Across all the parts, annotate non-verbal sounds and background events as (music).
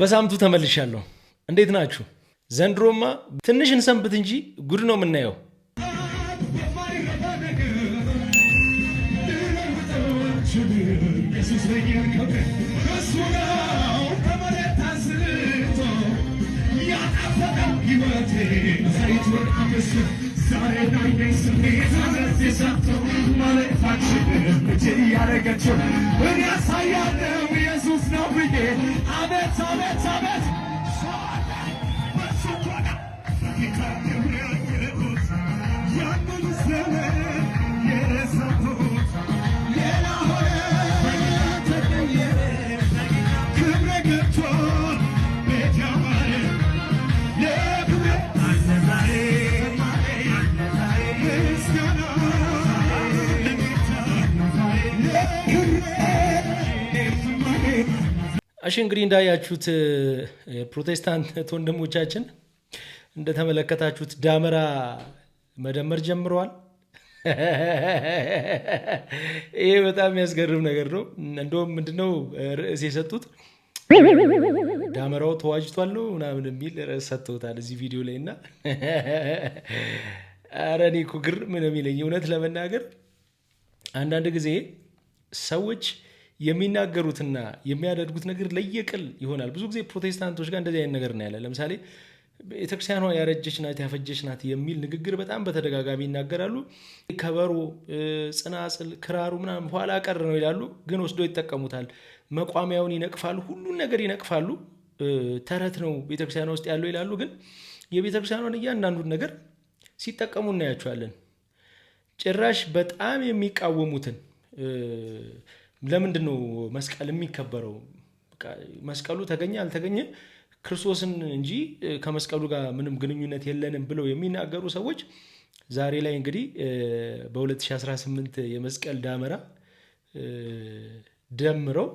በሳምንቱ ተመልሻለሁ። እንዴት ናችሁ? ዘንድሮማ ትንሽ እንሰንብት እንጂ ጉድ ነው የምናየው። ዛሬ Sabit, sabit, sabit. Sabit, sabit. እሺ እንግዲህ እንዳያችሁት የፕሮቴስታንት ወንድሞቻችን እንደተመለከታችሁት ዳመራ መደመር ጀምረዋል። (laughs) ይሄ በጣም የሚያስገርም ነገር ነው። እንደውም ምንድነው ርዕስ የሰጡት ዳመራው ተዋጅቷል ነው ምናምን የሚል ርዕስ ሰጥተውታል እዚህ ቪዲዮ ላይ እና ኧረ (laughs) እኔ እኮ ግርም የሚለኝ እውነት ለመናገር አንዳንድ ጊዜ ሰዎች የሚናገሩትና የሚያደርጉት ነገር ለየቅል ይሆናል። ብዙ ጊዜ ፕሮቴስታንቶች ጋር እንደዚህ አይነት ነገር እናያለን። ለምሳሌ ቤተክርስቲያኗ ያረጀች ናት፣ ያፈጀች ናት የሚል ንግግር በጣም በተደጋጋሚ ይናገራሉ። ከበሮ፣ ጽናጽል፣ ክራሩ ምናምን ኋላ ቀር ነው ይላሉ፣ ግን ወስዶ ይጠቀሙታል። መቋሚያውን ይነቅፋሉ፣ ሁሉን ነገር ይነቅፋሉ። ተረት ነው ቤተክርስቲያኗ ውስጥ ያለው ይላሉ፣ ግን የቤተክርስቲያኗን እያንዳንዱን ነገር ሲጠቀሙ እናያቸዋለን። ጭራሽ በጣም የሚቃወሙትን ለምንድን ነው መስቀል የሚከበረው? መስቀሉ ተገኘ አልተገኘ ክርስቶስን እንጂ ከመስቀሉ ጋር ምንም ግንኙነት የለንም ብለው የሚናገሩ ሰዎች ዛሬ ላይ እንግዲህ በ2018 የመስቀል ዳመራ ደምረው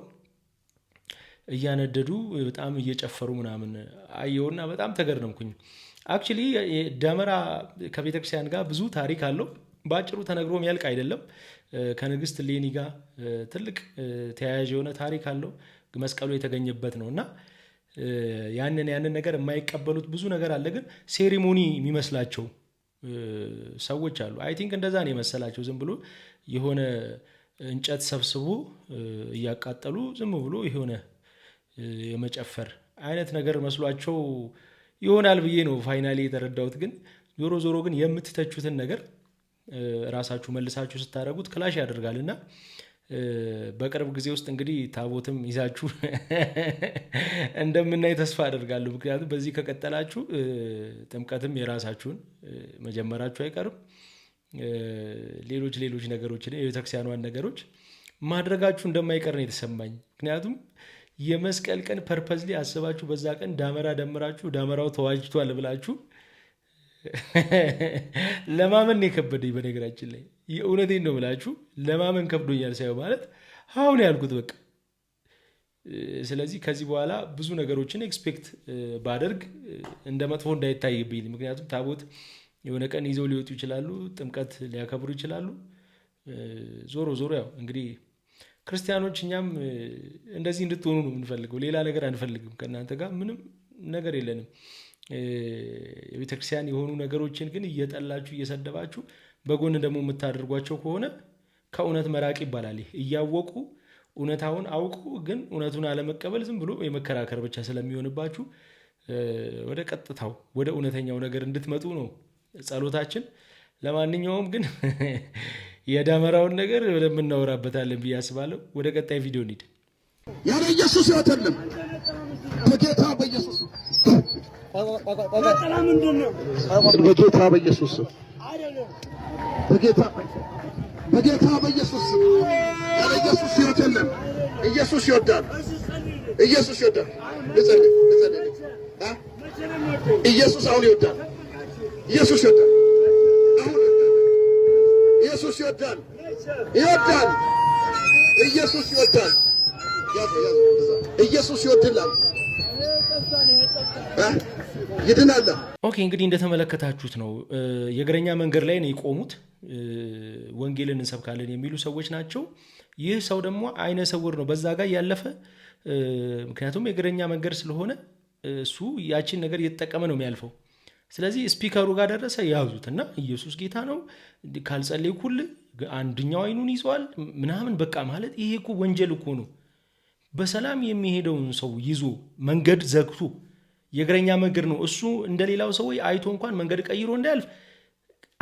እያነደዱ በጣም እየጨፈሩ ምናምን አየውና በጣም ተገረምኩኝ። አክቹሊ ደመራ ከቤተክርስቲያን ጋር ብዙ ታሪክ አለው። በአጭሩ ተነግሮ የሚያልቅ አይደለም። ከንግስት ሌኒ ጋር ትልቅ ተያያዥ የሆነ ታሪክ አለው። መስቀሉ የተገኘበት ነው እና ያንን ያንን ነገር የማይቀበሉት ብዙ ነገር አለ። ግን ሴሪሞኒ የሚመስላቸው ሰዎች አሉ። አይ ቲንክ እንደዛ ነው የመሰላቸው። ዝም ብሎ የሆነ እንጨት ሰብስቦ እያቃጠሉ ዝም ብሎ የሆነ የመጨፈር አይነት ነገር መስሏቸው ይሆናል ብዬ ነው ፋይናሌ የተረዳሁት። ግን ዞሮ ዞሮ ግን የምትተቹትን ነገር ራሳችሁ መልሳችሁ ስታደረጉት ክላሽ ያደርጋል እና በቅርብ ጊዜ ውስጥ እንግዲህ ታቦትም ይዛችሁ (laughs) እንደምናይ ተስፋ አደርጋለሁ። ምክንያቱም በዚህ ከቀጠላችሁ ጥምቀትም የራሳችሁን መጀመራችሁ አይቀርም። ሌሎች ሌሎች ነገሮችን የቤተክርስቲያኗን ነገሮች ማድረጋችሁ እንደማይቀር ነው የተሰማኝ። ምክንያቱም የመስቀል ቀን ፐርፐዝሊ አስባችሁ በዛ ቀን ዳመራ ደምራችሁ ዳመራው ተዋጅቷል ብላችሁ ለማመን ነው የከበደኝ። በነገራችን ላይ የእውነቴን ነው ብላችሁ ለማመን ከብዶኛል ሳይሆን ማለት አሁን ያልኩት በቃ። ስለዚህ ከዚህ በኋላ ብዙ ነገሮችን ኤክስፔክት ባደርግ እንደ መጥፎ እንዳይታይብኝ። ምክንያቱም ታቦት የሆነ ቀን ይዘው ሊወጡ ይችላሉ፣ ጥምቀት ሊያከብሩ ይችላሉ። ዞሮ ዞሮ ያው እንግዲህ ክርስቲያኖች እኛም እንደዚህ እንድትሆኑ ነው የምንፈልገው። ሌላ ነገር አንፈልግም። ከእናንተ ጋር ምንም ነገር የለንም። የቤተክርስቲያን የሆኑ ነገሮችን ግን እየጠላችሁ እየሰደባችሁ በጎን ደግሞ የምታደርጓቸው ከሆነ ከእውነት መራቅ ይባላል። እያወቁ እውነታውን አውቁ፣ ግን እውነቱን አለመቀበል ዝም ብሎ የመከራከር ብቻ ስለሚሆንባችሁ ወደ ቀጥታው ወደ እውነተኛው ነገር እንድትመጡ ነው ጸሎታችን። ለማንኛውም ግን (laughs) የደመራውን ነገር ወደምናወራበታለን ብዬ አስባለሁ። ወደ ቀጣይ ቪዲዮ እንሂድ። ያለ ኢየሱስ ሕይወት በጌታ በኢየሱስ በጌታ በጌታ በኢየሱስ ኢየሱስ ሕይወት የለም። ኢየሱስ ይወዳል። ኢየሱስ ይወዳል። ልጸልይ ልጸልይ። ኢየሱስ አሁን ይወዳል። ኢየሱስ ይወዳል። ኢየሱስ ይወዳል። ይወዳል። ኢየሱስ ይወዳል። ኢየሱስ ይወድላል። ይድናለ። ኦኬ እንግዲህ እንደተመለከታችሁት ነው የእግረኛ መንገድ ላይ ነው የቆሙት። ወንጌልን እንሰብካለን የሚሉ ሰዎች ናቸው። ይህ ሰው ደግሞ አይነ ስውር ነው፣ በዛ ጋር ያለፈ ምክንያቱም የእግረኛ መንገድ ስለሆነ እሱ ያችን ነገር እየተጠቀመ ነው የሚያልፈው። ስለዚህ ስፒከሩ ጋር ደረሰ ያዙት እና ኢየሱስ ጌታ ነው ካልጸለይኩል አንድኛው አይኑን ይዘዋል ምናምን በቃ ማለት ይሄ እኮ ወንጀል እኮ ነው። በሰላም የሚሄደውን ሰው ይዞ መንገድ ዘግቶ የእግረኛ መንገድ ነው። እሱ እንደሌላው ሰው አይቶ እንኳን መንገድ ቀይሮ እንዳያልፍ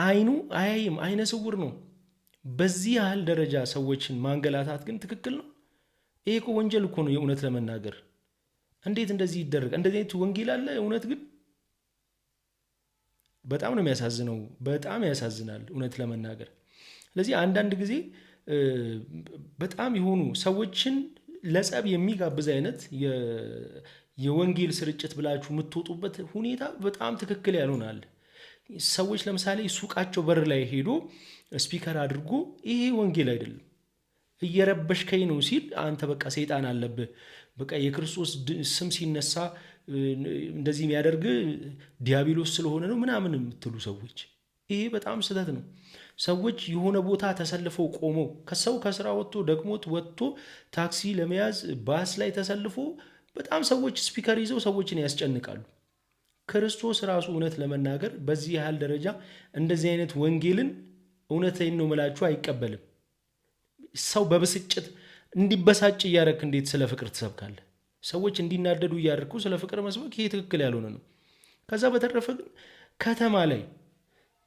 አይኑ አያይም፣ አይነ ስውር ነው። በዚህ ያህል ደረጃ ሰዎችን ማንገላታት ግን ትክክል ነው? ይሄ እኮ ወንጀል እኮ ነው። የእውነት ለመናገር እንዴት እንደዚህ ይደረግ እንደዚህ አይነት ወንጌል አለ? እውነት ግን በጣም ነው የሚያሳዝነው። በጣም ያሳዝናል፣ እውነት ለመናገር ስለዚህ አንዳንድ ጊዜ በጣም የሆኑ ሰዎችን ለጸብ የሚጋብዝ አይነት የወንጌል ስርጭት ብላችሁ የምትወጡበት ሁኔታ በጣም ትክክል ያልሆናል። ሰዎች ለምሳሌ ሱቃቸው በር ላይ ሄዶ ስፒከር አድርጎ ይሄ ወንጌል አይደለም እየረበሽከኝ ነው ሲል አንተ በቃ ሰይጣን አለብህ፣ በቃ የክርስቶስ ስም ሲነሳ እንደዚህ የሚያደርግ ዲያብሎስ ስለሆነ ነው ምናምን የምትሉ ሰዎች ይሄ በጣም ስህተት ነው። ሰዎች የሆነ ቦታ ተሰልፈው ቆመው ከሰው ከስራ ወጥቶ ደግሞት ወጥቶ ታክሲ ለመያዝ ባስ ላይ ተሰልፎ በጣም ሰዎች ስፒከር ይዘው ሰዎችን ያስጨንቃሉ። ክርስቶስ ራሱ እውነት ለመናገር በዚህ ያህል ደረጃ እንደዚህ አይነት ወንጌልን እውነት ነው ምላችሁ አይቀበልም። ሰው በብስጭት እንዲበሳጭ እያደረክ እንዴት ስለ ፍቅር ትሰብካለህ? ሰዎች እንዲናደዱ እያደረኩ ስለ ፍቅር መስበክ ይሄ ትክክል ያልሆነ ነው። ከዛ በተረፈ ግን ከተማ ላይ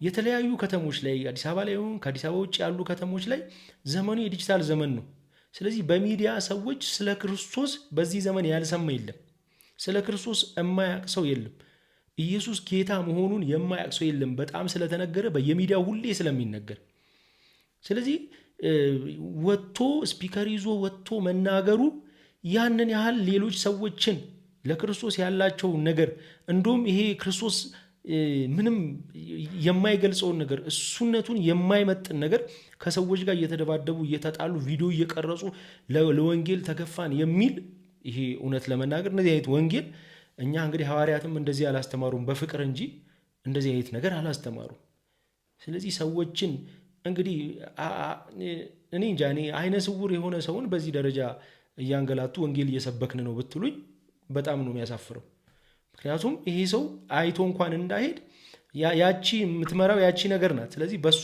የተለያዩ ከተሞች ላይ አዲስ አበባ ላይ ሆን ከአዲስ አበባ ውጭ ያሉ ከተሞች ላይ ዘመኑ የዲጂታል ዘመን ነው። ስለዚህ በሚዲያ ሰዎች ስለ ክርስቶስ በዚህ ዘመን ያልሰማ የለም። ስለ ክርስቶስ የማያቅ ሰው የለም። ኢየሱስ ጌታ መሆኑን የማያቅ ሰው የለም። በጣም ስለተነገረ በየሚዲያው ሁሌ ስለሚነገር ስለዚህ ወጥቶ ስፒከር ይዞ ወጥቶ መናገሩ ያንን ያህል ሌሎች ሰዎችን ለክርስቶስ ያላቸው ነገር እንዲሁም። ይሄ ክርስቶስ ምንም የማይገልጸውን ነገር እሱነቱን የማይመጥን ነገር ከሰዎች ጋር እየተደባደቡ እየተጣሉ ቪዲዮ እየቀረጹ ለወንጌል ተከፋን የሚል ይሄ እውነት ለመናገር እነዚህ አይነት ወንጌል እኛ እንግዲህ ሐዋርያትም እንደዚህ አላስተማሩም፣ በፍቅር እንጂ እንደዚህ አይነት ነገር አላስተማሩም። ስለዚህ ሰዎችን እንግዲህ እኔ እንጃ እኔ አይነ ስውር የሆነ ሰውን በዚህ ደረጃ እያንገላቱ ወንጌል እየሰበክን ነው ብትሉኝ በጣም ነው የሚያሳፍረው። ምክንያቱም ይሄ ሰው አይቶ እንኳን እንዳሄድ ያቺ የምትመራው ያቺ ነገር ናት። ስለዚህ በእሷ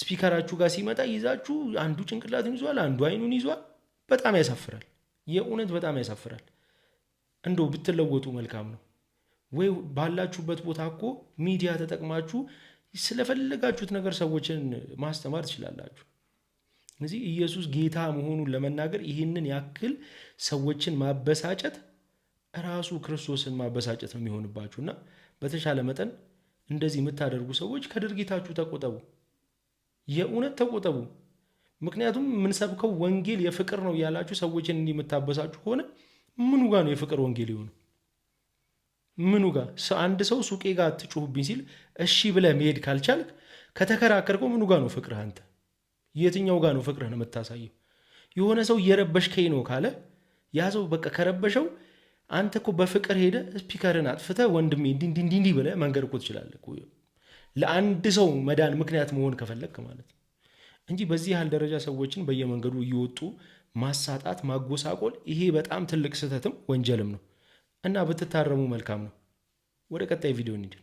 ስፒከራችሁ ጋር ሲመጣ ይዛችሁ አንዱ ጭንቅላቱን ይዟል፣ አንዱ አይኑን ይዟል። በጣም ያሳፍራል። የእውነት በጣም ያሳፍራል። እንደው ብትለወጡ መልካም ነው። ወይ ባላችሁበት ቦታ እኮ ሚዲያ ተጠቅማችሁ ስለፈለጋችሁት ነገር ሰዎችን ማስተማር ትችላላችሁ። እዚህ ኢየሱስ ጌታ መሆኑን ለመናገር ይህንን ያክል ሰዎችን ማበሳጨት ራሱ ክርስቶስን ማበሳጨት ነው የሚሆንባችሁና በተሻለ መጠን እንደዚህ የምታደርጉ ሰዎች ከድርጊታችሁ ተቆጠቡ። የእውነት ተቆጠቡ። ምክንያቱም የምንሰብከው ወንጌል የፍቅር ነው ያላችሁ ሰዎችን እንዲህ የምታበሳችሁ ከሆነ ምኑ ጋ ነው የፍቅር ወንጌል የሆኑ? ምኑ ጋ አንድ ሰው ሱቄ ጋር ትጩሁብኝ ሲል እሺ ብለህ መሄድ ካልቻልክ ከተከራከርከው ምኑ ጋ ነው ፍቅርህ? አንተ የትኛው ጋ ነው ፍቅርህ ነው የምታሳየው? የሆነ ሰው እየረበሽከኝ ነው ካለ ያ ሰው በቃ ከረበሸው አንተ እኮ በፍቅር ሄደ ስፒከርን አጥፍተ ወንድሜ እንዲህ እንዲህ ብለህ መንገድ እኮ ትችላለህ። ለአንድ ሰው መዳን ምክንያት መሆን ከፈለግ ማለት ነው እንጂ በዚህ ያህል ደረጃ ሰዎችን በየመንገዱ እየወጡ ማሳጣት፣ ማጎሳቆል ይሄ በጣም ትልቅ ስህተትም ወንጀልም ነው እና ብትታረሙ መልካም ነው። ወደ ቀጣይ ቪዲዮ እንሂድ።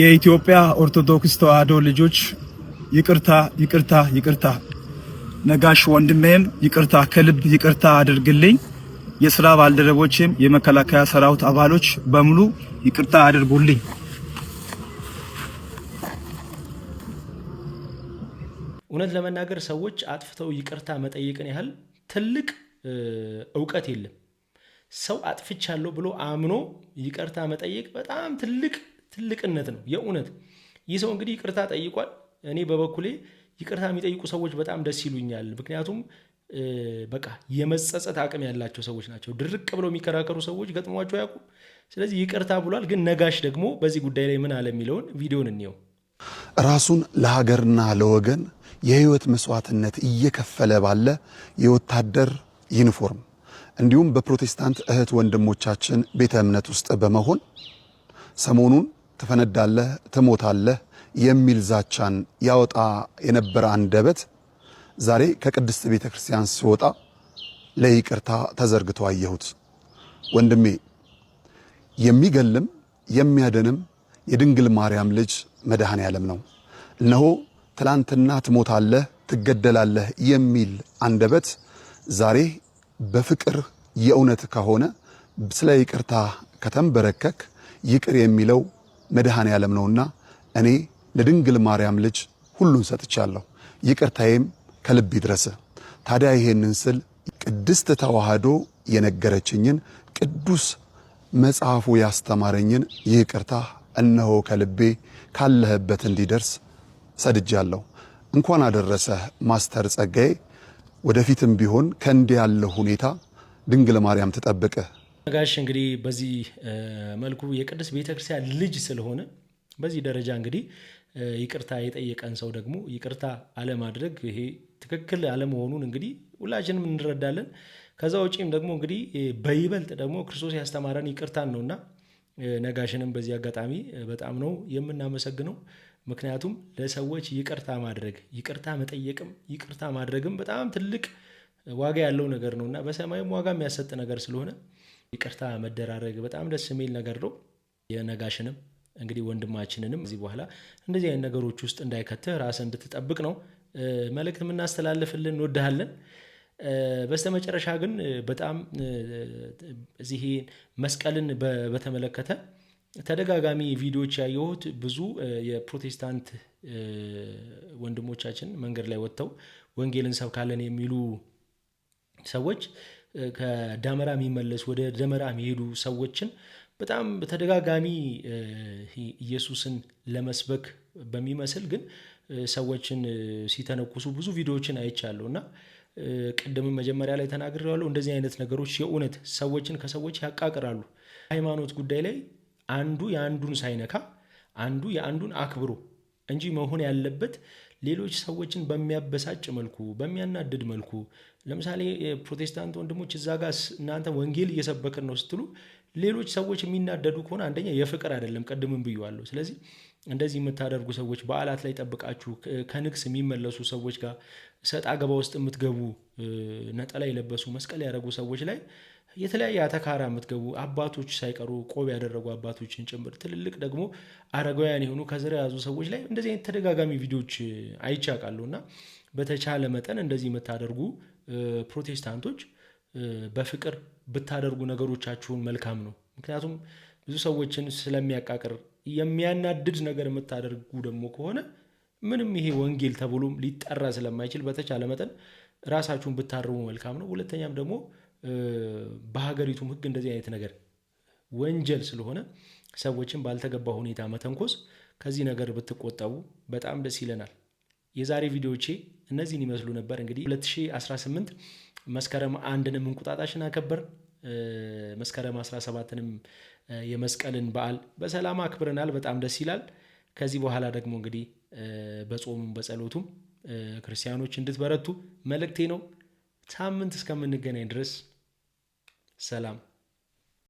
የኢትዮጵያ ኦርቶዶክስ ተዋህዶ ልጆች ይቅርታ፣ ይቅርታ፣ ይቅርታ። ነጋሽ ወንድሜም ይቅርታ፣ ከልብ ይቅርታ አድርግልኝ። የስራ ባልደረቦችም የመከላከያ ሰራዊት አባሎች በሙሉ ይቅርታ አድርጉልኝ። እውነት ለመናገር ሰዎች አጥፍተው ይቅርታ መጠየቅን ያህል ትልቅ እውቀት የለም። ሰው አጥፍቻለሁ ብሎ አምኖ ይቅርታ መጠየቅ በጣም ትልቅ ትልቅነት ነው። የእውነት ይህ ሰው እንግዲህ ይቅርታ ጠይቋል። እኔ በበኩሌ ይቅርታ የሚጠይቁ ሰዎች በጣም ደስ ይሉኛል። ምክንያቱም በቃ የመጸጸት አቅም ያላቸው ሰዎች ናቸው። ድርቅ ብለው የሚከራከሩ ሰዎች ገጥሟቸው አያውቁም። ስለዚህ ይቅርታ ብሏል። ግን ነጋሽ ደግሞ በዚህ ጉዳይ ላይ ምን አለ የሚለውን ቪዲዮን እንየው። ራሱን ለሀገርና ለወገን የህይወት መስዋዕትነት እየከፈለ ባለ የወታደር ዩኒፎርም እንዲሁም በፕሮቴስታንት እህት ወንድሞቻችን ቤተ እምነት ውስጥ በመሆን ሰሞኑን ትፈነዳለህ፣ ትሞታለህ የሚል ዛቻን ያወጣ የነበረ አንደበት ዛሬ ከቅድስት ቤተ ክርስቲያን ሲወጣ ለይቅርታ ተዘርግቶ አየሁት። ወንድሜ የሚገልም የሚያደንም የድንግል ማርያም ልጅ መድኃኔ ዓለም ነው። እነሆ ትላንትና ትሞታለህ፣ ትገደላለህ የሚል አንደበት ዛሬ በፍቅር የእውነት ከሆነ ስለ ይቅርታ ከተንበረከክ ይቅር የሚለው መድኃኔ ዓለም ነውና እኔ ለድንግል ማርያም ልጅ ሁሉን ሰጥቻለሁ። ይቅርታዬም ከልብ ይድረስ። ታዲያ ይሄንን ስል ቅድስት ተዋህዶ የነገረችኝን ቅዱስ መጽሐፉ ያስተማረኝን ይቅርታ እነሆ ከልቤ ካለህበት እንዲደርስ ሰድጃለሁ። እንኳን አደረሰህ ማስተር ጸጋዬ። ወደፊትም ቢሆን ከእንዲህ ያለ ሁኔታ ድንግል ማርያም ትጠብቅ ጋሽ እንግዲህ በዚህ መልኩ የቅድስት ቤተክርስቲያን ልጅ ስለሆነ በዚህ ደረጃ እንግዲህ ይቅርታ የጠየቀን ሰው ደግሞ ይቅርታ አለማድረግ ይሄ ትክክል አለመሆኑን እንግዲህ ሁላችንም እንረዳለን። ከዛ ውጪም ደግሞ እንግዲህ በይበልጥ ደግሞ ክርስቶስ ያስተማረን ይቅርታን ነውና ነጋሽንም በዚህ አጋጣሚ በጣም ነው የምናመሰግነው። ምክንያቱም ለሰዎች ይቅርታ ማድረግ ይቅርታ መጠየቅም ይቅርታ ማድረግም በጣም ትልቅ ዋጋ ያለው ነገር ነው እና በሰማይም ዋጋ የሚያሰጥ ነገር ስለሆነ ይቅርታ መደራረግ በጣም ደስ የሚል ነገር ነው። የነጋሽንም እንግዲህ ወንድማችንንም እዚህ በኋላ እንደዚህ አይነት ነገሮች ውስጥ እንዳይከትህ ራስ እንድትጠብቅ ነው። መልእክት የምናስተላልፍልን እንወድሃለን። በስተመጨረሻ ግን በጣም እዚህ መስቀልን በተመለከተ ተደጋጋሚ ቪዲዮዎች ያየሁት ብዙ የፕሮቴስታንት ወንድሞቻችን መንገድ ላይ ወጥተው ወንጌል እንሰብካለን የሚሉ ሰዎች ከደመራ የሚመለሱ ወደ ደመራ የሚሄዱ ሰዎችን በጣም በተደጋጋሚ ኢየሱስን ለመስበክ በሚመስል ግን ሰዎችን ሲተነኩሱ ብዙ ቪዲዮዎችን አይቻለሁ እና ቅድምን መጀመሪያ ላይ ተናግሬዋለሁ። እንደዚህ አይነት ነገሮች የእውነት ሰዎችን ከሰዎች ያቃቅራሉ። ሃይማኖት ጉዳይ ላይ አንዱ የአንዱን ሳይነካ አንዱ የአንዱን አክብሮ እንጂ መሆን ያለበት ሌሎች ሰዎችን በሚያበሳጭ መልኩ በሚያናድድ መልኩ ለምሳሌ የፕሮቴስታንት ወንድሞች እዛ ጋር እናንተ ወንጌል እየሰበክን ነው ስትሉ ሌሎች ሰዎች የሚናደዱ ከሆነ አንደኛ የፍቅር አይደለም፣ ቅድምም ብዩዋለሁ ስለዚህ እንደዚህ የምታደርጉ ሰዎች በዓላት ላይ ጠብቃችሁ ከንግስ የሚመለሱ ሰዎች ጋር ሰጣ አገባ ውስጥ የምትገቡ ነጠላ የለበሱ መስቀል ያደረጉ ሰዎች ላይ የተለያየ አተካራ የምትገቡ አባቶች ሳይቀሩ ቆብ ያደረጉ አባቶችን ጭምር ትልልቅ ደግሞ አረጋውያን የሆኑ ከዘር የያዙ ሰዎች ላይ እንደዚህ አይነት ተደጋጋሚ ቪዲዮዎች አይቻቃሉ እና በተቻለ መጠን እንደዚህ የምታደርጉ ፕሮቴስታንቶች በፍቅር ብታደርጉ ነገሮቻችሁን መልካም ነው። ምክንያቱም ብዙ ሰዎችን ስለሚያቃቅር የሚያናድድ ነገር የምታደርጉ ደግሞ ከሆነ ምንም ይሄ ወንጌል ተብሎም ሊጠራ ስለማይችል በተቻለ መጠን ራሳችሁን ብታርሙ መልካም ነው። ሁለተኛም ደግሞ በሀገሪቱም ህግ እንደዚህ አይነት ነገር ወንጀል ስለሆነ ሰዎችን ባልተገባ ሁኔታ መተንኮስ ከዚህ ነገር ብትቆጠቡ በጣም ደስ ይለናል። የዛሬ ቪዲዮቼ እነዚህን ይመስሉ ነበር። እንግዲህ 2018 መስከረም አንድንም እንቁጣጣሽን አከበር መስከረም 17ንም የመስቀልን በዓል በሰላም አክብረናል። በጣም ደስ ይላል። ከዚህ በኋላ ደግሞ እንግዲህ በጾሙም በጸሎቱም ክርስቲያኖች እንድትበረቱ መልእክቴ ነው። ሳምንት እስከምንገናኝ ድረስ سلام